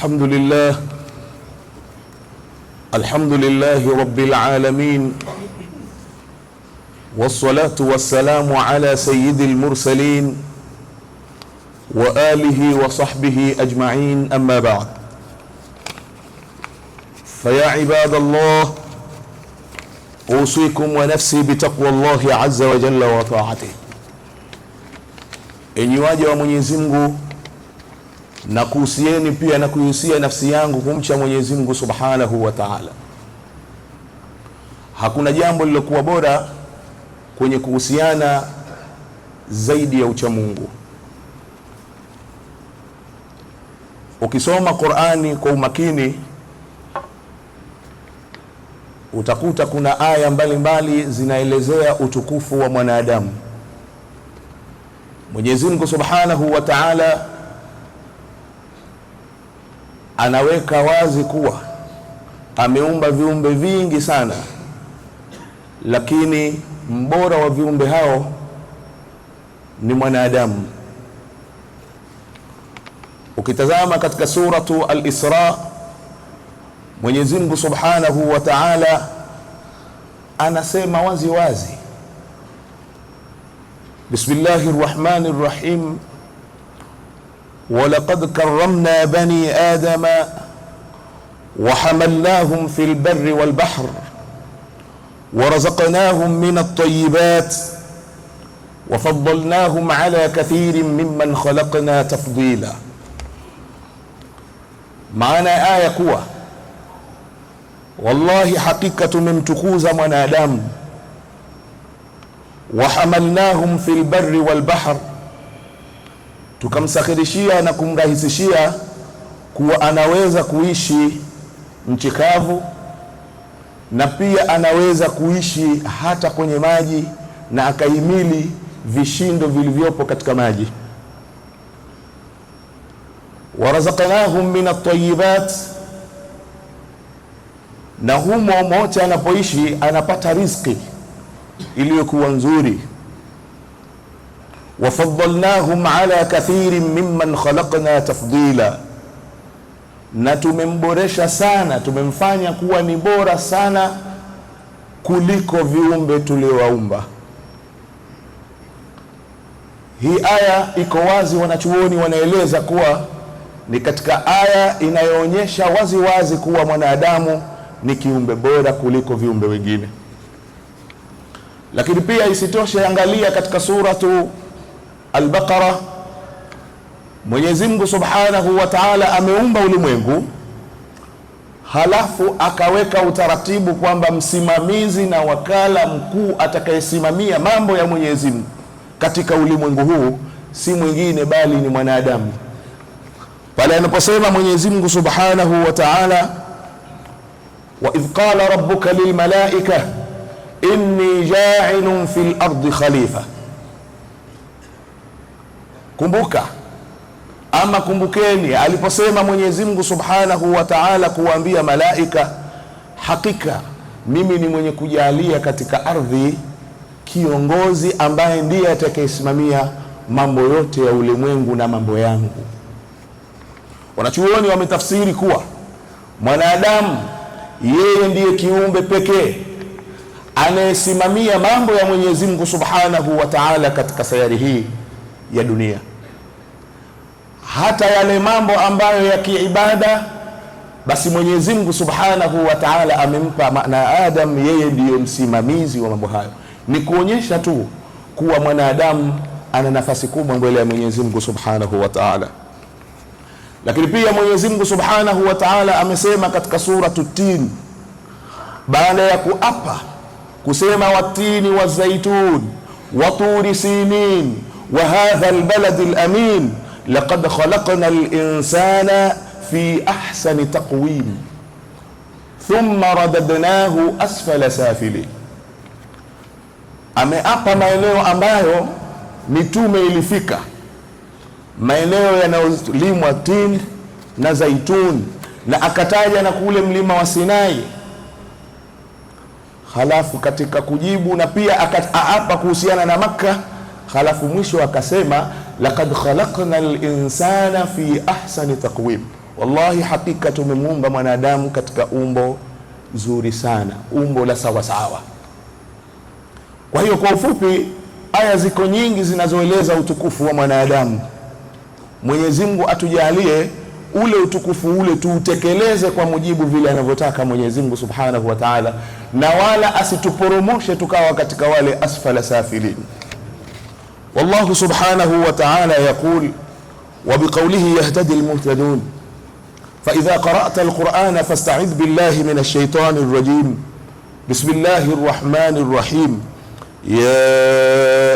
الحمد لله الحمد لله رب العالمين والصلاة والسلام على سيد المرسلين وآله وصحبه أجمعين أما بعد فيا عباد الله أوصيكم ونفسي بتقوى الله عز وجل وطاعته إن يواجه من يزمه na kuhusieni pia na kuihusia nafsi yangu kumcha Mwenyezi Mungu Subhanahu wa Ta'ala. Hakuna jambo lilokuwa bora kwenye kuhusiana zaidi ya uchamungu. Ukisoma Qur'ani kwa umakini utakuta kuna aya mbalimbali zinaelezea utukufu wa mwanadamu. Mwenyezi Mungu Subhanahu wa Ta'ala anaweka wazi kuwa ameumba viumbe vingi sana, lakini mbora wa viumbe hao ni mwanadamu. Ukitazama katika suratu Al-Isra, Mwenyezi Mungu Subhanahu wa Ta'ala anasema wazi wazi, Bismillahir Rahmanir Rahim ولقد كرمنا بني آدم وحملناهم في البر والبحر ورزقناهم من الطيبات وفضلناهم على كثير ممن خلقنا تفضيلا آية قوة والله حقيقة من hakika من آدم وحملناهم في البر والبحر tukamsakhirishia na kumrahisishia kuwa anaweza kuishi nchi kavu na pia anaweza kuishi hata kwenye maji na akahimili vishindo vilivyopo katika maji. warazaqnahum min at-tayyibat, na humo mote anapoishi anapata riziki iliyokuwa nzuri wafadalnahum ala kathirin mimman khalaqna tafdila, na tumemboresha sana, tumemfanya kuwa ni bora sana kuliko viumbe tuliowaumba. Hii aya iko wazi, wanachuoni wanaeleza kuwa ni katika aya inayoonyesha wazi wazi kuwa mwanadamu ni kiumbe bora kuliko viumbe wengine. Lakini pia isitoshe, angalia katika suratu Al-Baqara, Mwenyezi Mungu Subhanahu wa Ta'ala ameumba ulimwengu, halafu akaweka utaratibu kwamba msimamizi na wakala mkuu atakayesimamia mambo ya Mwenyezi Mungu katika ulimwengu huu si mwingine bali ni mwanadamu. Pale anaposema Mwenyezi Mungu Subhanahu wa Ta'ala, wa idh qala rabbuka lilmalaika inni ja'ilun fil ardi khalifa Kumbuka ama kumbukeni, aliposema Mwenyezi Mungu Subhanahu wa Ta'ala kuwaambia malaika, hakika mimi ni mwenye kujalia katika ardhi kiongozi ambaye ndiye atakayesimamia mambo yote ya ulimwengu na mambo yangu. Wanachuoni wametafsiri kuwa mwanadamu yeye ndiye kiumbe pekee anayesimamia mambo ya Mwenyezi Mungu Subhanahu wa Ta'ala katika sayari hii ya dunia hata yale mambo ambayo ya kiibada, basi Mwenyezi Mungu Subhanahu wa Ta'ala amempa maana Adam, yeye ndiyo msimamizi wa mambo hayo. Ni kuonyesha tu kuwa mwanadamu ana nafasi kubwa mbele ya Mwenyezi Mungu Subhanahu wa Ta'ala. Lakini pia Mwenyezi Mungu Subhanahu wa Ta'ala amesema katika suratu Tin, baada ya kuapa kusema watini wa zaitun wa sinin wa hadha albaladi alamin laqad khalaqna al-insana fi ahsani taqwim thumma radadnahu asfala safili. Ameapa maeneo ambayo mitume ilifika, maeneo yanayolimwa tin na zaitun na akataja na kule mlima wa Sinai. Halafu katika kujibu na pia akaapa kuhusiana na Makka, halafu mwisho akasema Laqad khalaqna linsana fi ahsani taqwim, wallahi, hakika tumemuumba mwanadamu katika umbo zuri sana, umbo la sawasawa. Kwa hiyo kwa ufupi, aya ziko nyingi zinazoeleza utukufu wa mwanadamu. Mwenyezi Mungu atujalie ule utukufu ule tuutekeleze kwa mujibu vile anavyotaka Mwenyezi Mungu Subhanahu wa Ta'ala, na wala asituporomoshe tukawa katika wale asfala safilini والله سبحانه وتعالى يقول وبقوله يهتدي المهتدون فإذا قرأت القرآن فاستعذ بالله من الشيطان الرجيم بسم الله الرحمن الرحيم يا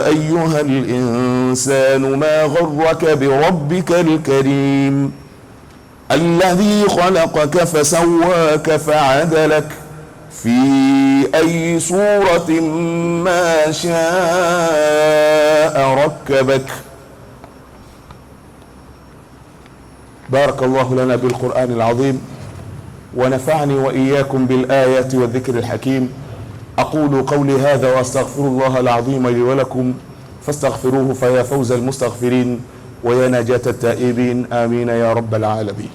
أيها الإنسان ما غرك بربك الكريم الذي خلقك فسواك فعدلك في أي صورة ما شاء ركبك بارك الله لنا بالقرآن العظيم ونفعني وإياكم بالآيات والذكر الحكيم أقول قولي هذا وأستغفر الله العظيم لي ولكم فاستغفروه فيا فوز المستغفرين ويا نجاة التائبين آمين يا رب العالمين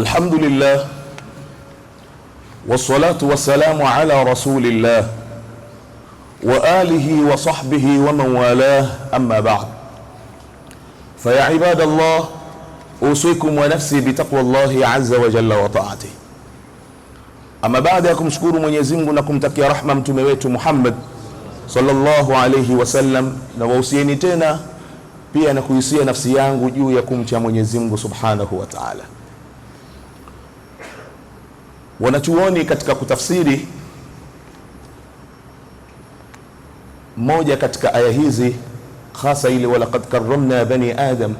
الحمد لله والصلاة والسلام على رسول الله وآله وصحبه ومن والاه أما بعد فيا عباد الله أوصيكم ونفسي بتقوى الله عز وجل وطاعته أما بعد يكم شكور من يزمنكم تكي رحمة تمويت محمد صلى الله عليه وسلم نووسيني تينا بي أنا كويسي نفسي يانغو يكم تيا من يزمن سبحانه وتعالى Wanachuoni katika kutafsiri moja katika aya hizi hasa ile walaqad karramna bani adam,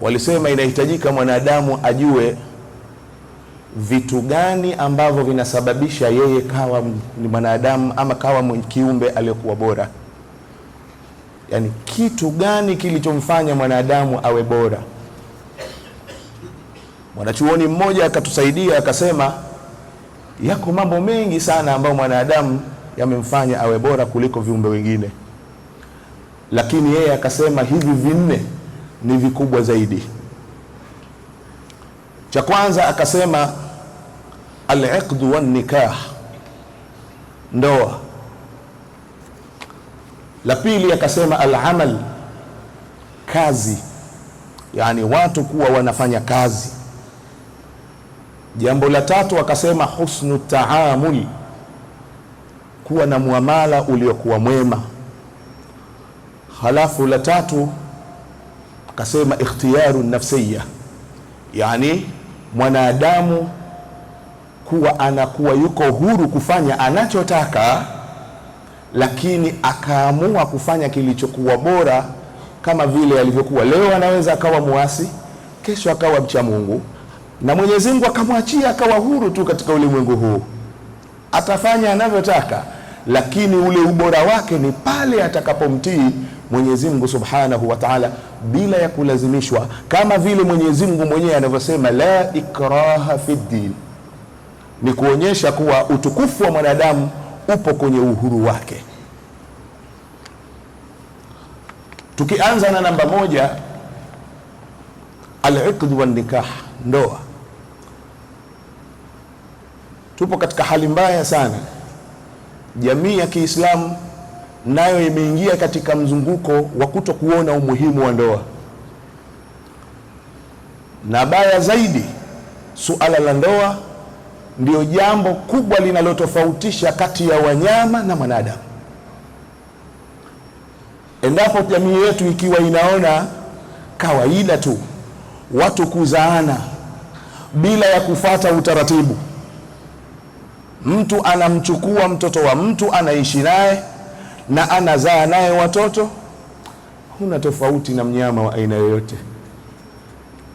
walisema inahitajika mwanadamu ajue vitu gani ambavyo vinasababisha yeye kawa ni mwanadamu ama kawa kiumbe aliyokuwa bora. Yani kitu gani kilichomfanya mwanadamu awe bora? Mwanachuoni mmoja akatusaidia akasema, yako mambo mengi sana ambayo mwanadamu yamemfanya awe bora kuliko viumbe wengine, lakini yeye akasema hivi vinne ni vikubwa zaidi. Cha kwanza akasema al-iqdu wa nikah, ndoa. La pili akasema al-amal, kazi, yani watu kuwa wanafanya kazi Jambo la tatu akasema husnu taamul, kuwa na muamala uliokuwa mwema. Halafu la tatu akasema ikhtiyaru nafsiya, yani mwanadamu kuwa anakuwa yuko huru kufanya anachotaka, lakini akaamua kufanya kilichokuwa bora, kama vile alivyokuwa. Leo anaweza akawa muasi, kesho akawa mcha Mungu na Mwenyezi Mungu akamwachia akawa huru tu katika ulimwengu huu, atafanya anavyotaka, lakini ule ubora wake ni pale atakapomtii Mwenyezi Mungu Subhanahu wa Ta'ala, bila ya kulazimishwa, kama vile Mwenyezi Mungu mwenyewe anavyosema, la ikraha fi ddin, ni kuonyesha kuwa utukufu wa mwanadamu upo kwenye uhuru wake. Tukianza na namba moja, al-iqd wa nikah, ndoa Tupo katika hali mbaya sana. Jamii ya Kiislamu nayo imeingia katika mzunguko wa kuto kuona umuhimu wa ndoa, na baya zaidi, suala la ndoa ndio jambo kubwa linalotofautisha kati ya wanyama na mwanadamu. Endapo jamii yetu ikiwa inaona kawaida tu watu kuzaana bila ya kufata utaratibu Mtu anamchukua mtoto wa mtu anaishi naye na anazaa naye watoto, huna tofauti na mnyama wa aina yoyote,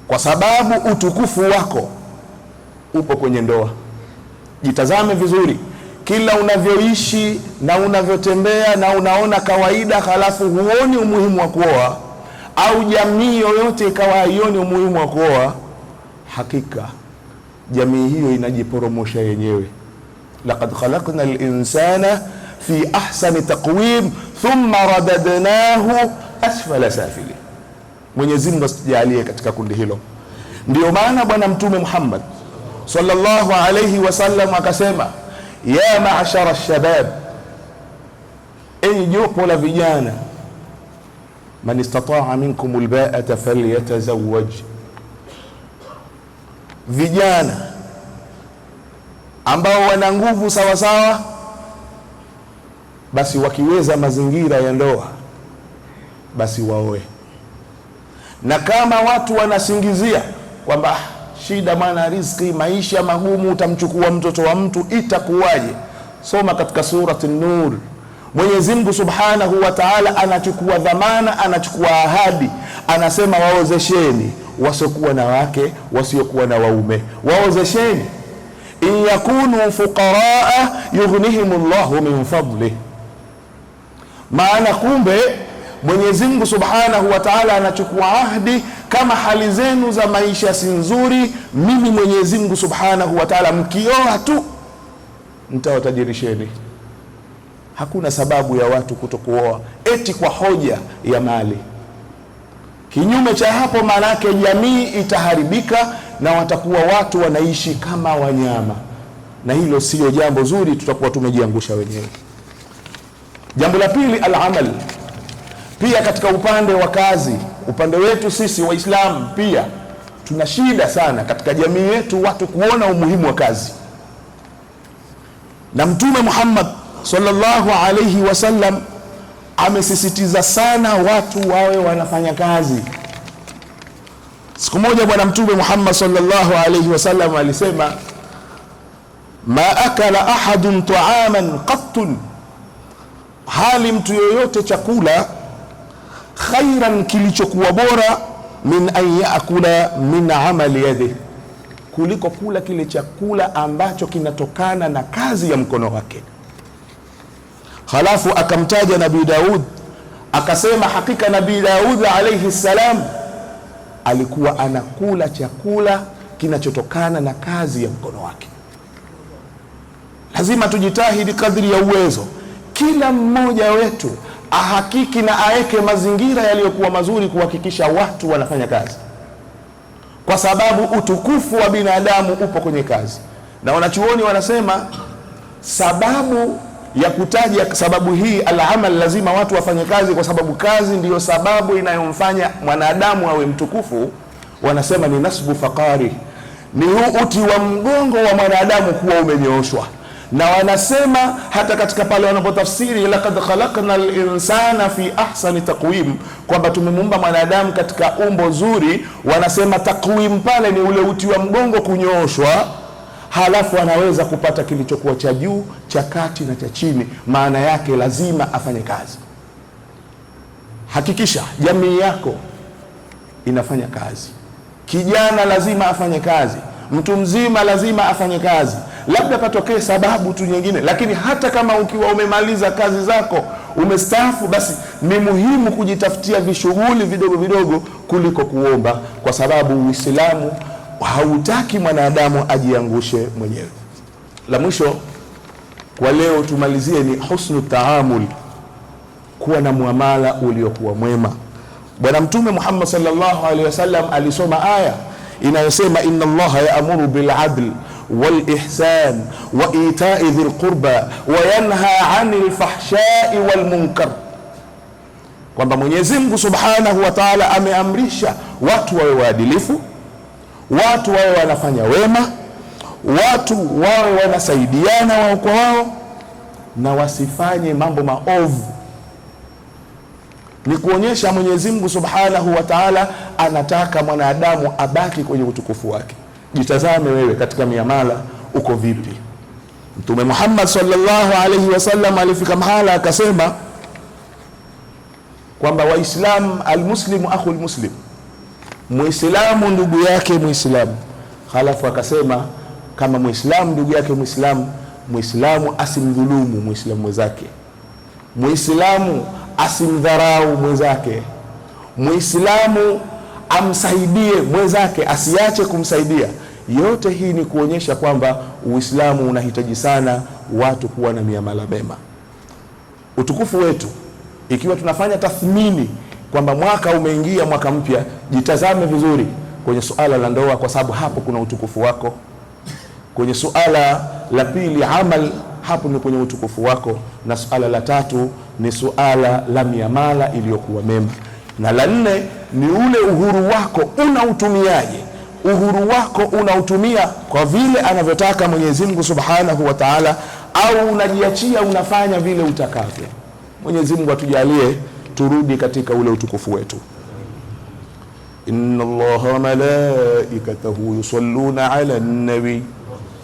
kwa sababu utukufu wako upo kwenye ndoa. Jitazame vizuri kila unavyoishi na unavyotembea na unaona kawaida, halafu huoni umuhimu wa kuoa, au jamii yoyote ikawa haioni umuhimu wa kuoa, hakika jamii hiyo inajiporomosha yenyewe. لقد خلقنا الإنسان في أحسن تقويم thumma radadnahu asfala safilin Mwenyezi Mungu asijalie katika kundi hilo. Ndiyo maana Bwana Mtume Muhammad sallallahu alayhi wasallam akasema, ya maashara alshabab, enyi jopo la vijana, man istataa minkum albaata falyatazawaj, vijana ambao wana nguvu sawa sawa, basi wakiweza mazingira ya ndoa, basi waoe. Na kama watu wanasingizia kwamba ah, shida, maana riziki, maisha magumu, utamchukua mtoto wa mtu, itakuwaje? Soma katika surati Nur, Mwenyezi Mungu Subhanahu wa Ta'ala anachukua dhamana, anachukua ahadi, anasema waozesheni wasiokuwa na wake, wasiokuwa na waume, waozesheni in yakunu fuqaraa yughnihim llahu min fadli, maana kumbe Mwenyezi Mungu subhanahu wa taala anachukua ahdi, kama hali zenu za maisha si nzuri, mimi Mwenyezi Mungu subhanahu wa taala mkioa tu nitawatajirisheni. Hakuna sababu ya watu kutokuoa eti kwa hoja ya mali. Kinyume cha hapo, maana yake jamii itaharibika, na watakuwa watu wanaishi kama wanyama, na hilo sio jambo zuri, tutakuwa tumejiangusha wenyewe. Jambo la pili, alamal, pia katika upande wa kazi, upande wetu sisi Waislamu pia tuna shida sana katika jamii yetu, watu kuona umuhimu wa kazi. Na Mtume Muhammad sallallahu alayhi wasallam amesisitiza sana watu wawe wanafanya kazi. Siku moja Bwana Mtume Muhammad sallallahu alayhi wasallam alisema, ma akala ahadun taaman qattun, hali mtu yoyote chakula khairan, kilichokuwa bora min an yakula min amali yadihi, kuliko kula kile chakula ambacho kinatokana na kazi ya mkono wake. Halafu akamtaja Nabii Daud akasema, hakika Nabii Daud alayhi salam alikuwa anakula chakula kinachotokana na kazi ya mkono wake. Lazima tujitahidi kadri ya uwezo, kila mmoja wetu ahakiki na aeke mazingira yaliyokuwa mazuri kuhakikisha watu wanafanya kazi, kwa sababu utukufu wa binadamu upo kwenye kazi, na wanachuoni wanasema sababu ya kutaja sababu hii alamal, lazima watu wafanye kazi, kwa sababu kazi ndiyo sababu inayomfanya mwanadamu awe mtukufu. Wanasema ni nasbu faqari, ni huu uti wa mgongo wa mwanadamu kuwa umenyooshwa. Na wanasema hata katika pale wanapotafsiri laqad khalaqna linsana fi ahsani taqwim, kwamba tumemuumba mwanadamu katika umbo zuri. Wanasema taqwim pale ni ule uti wa mgongo kunyooshwa halafu anaweza kupata kilichokuwa cha juu, cha kati na cha chini. Maana yake lazima afanye kazi. Hakikisha jamii yako inafanya kazi. Kijana lazima afanye kazi, mtu mzima lazima afanye kazi. Labda patokee sababu tu nyingine, lakini hata kama ukiwa umemaliza kazi zako umestaafu, basi ni muhimu kujitafutia vishughuli vidogo vidogo kuliko kuomba, kwa sababu Uislamu hautaki mwanadamu ajiangushe mwenyewe. La mwisho kwa leo tumalizie ni husnu taamul, kuwa na muamala uliokuwa mwema. Bwana Mtume Muhammad sallallahu alaihi wasallam alisoma aya inayosema inna Allaha yaamuru bil adl wal ihsan wa itai dhil qurba wa yanha anil fahshai wal munkar, kwamba Mwenyezi Mungu subhanahu wa taala ameamrisha watu wawe waadilifu watu wawe wanafanya wema, watu wawe wanasaidiana wao kwa wao, na wasifanye mambo maovu. Ni kuonyesha Mwenyezi Mungu Subhanahu wa Ta'ala anataka mwanadamu abaki kwenye utukufu wake. Jitazame wewe katika miamala, uko vipi? Mtume Muhammad sallallahu alayhi wasallam alifika mahala akasema kwamba Waislamu, almuslimu akhul muslim Muislamu ndugu yake Muislamu. Halafu akasema kama Muislamu ndugu yake Muislamu, Muislamu asimdhulumu Muislamu mwenzake, Muislamu asimdharau mwenzake, Muislamu amsaidie mwenzake, asiache kumsaidia. Yote hii ni kuonyesha kwamba Uislamu unahitaji sana watu kuwa na miamala mema. Utukufu wetu, ikiwa tunafanya tathmini kwamba mwaka umeingia, mwaka mpya, jitazame vizuri kwenye suala la ndoa, kwa sababu hapo kuna utukufu wako. Kwenye suala la pili, amal, hapo ni kwenye utukufu wako, na suala la tatu ni suala la miamala iliyokuwa mema, na la nne ni ule uhuru wako unautumiaje? Uhuru wako unautumia kwa vile anavyotaka Mwenyezi Mungu Subhanahu wa Ta'ala, au unajiachia unafanya vile utakavyo? Mwenyezi Mungu atujalie turudi katika ule utukufu wetu. inna Allaha wa malaikatahu yusalluna ala nabi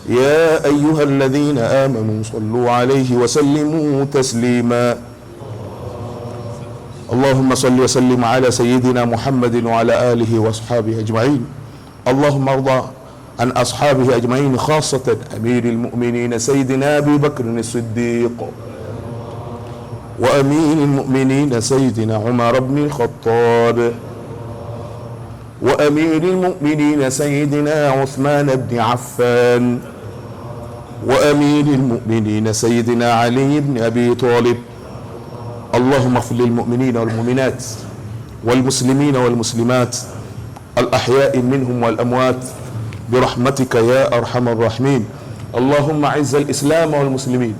ya ayuha alladhina amanu sallu alayhi wa sallimu taslima Allahumma salli wa sallim ala sayyidina Muhammadin wa ala alihi wa ashabihi ajma'in Allahumma arda عن أصحابه أجمعين خاصة أمير المؤمنين سيدنا أبي بكر الصديق وأمين المؤمنين سيدنا عمر بن الخطاب وأمير المؤمنين سيدنا عثمان بن عفان وأمير المؤمنين سيدنا علي بن أبي طالب اللهم اغفر للمؤمنين والمؤمنات والمسلمين والمسلمات الأحياء منهم والأموات برحمتك يا أرحم الراحمين اللهم أعز الإسلام والمسلمين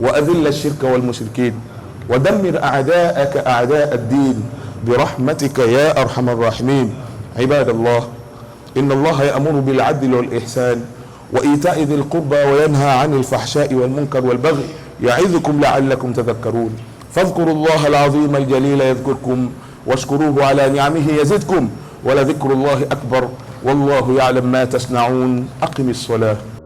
وأذل الشرك والمشركين ودمر أعداءك أعداء الدين برحمتك يا أرحم الراحمين عباد الله إن الله يأمر بالعدل والإحسان وإيتاء ذي القربى وينهى عن الفحشاء والمنكر والبغي يعظكم لعلكم تذكرون فاذكروا الله العظيم الجليل يذكركم واشكروه على نعمه يزدكم ولذكر الله أكبر والله يعلم ما تصنعون أقم الصلاة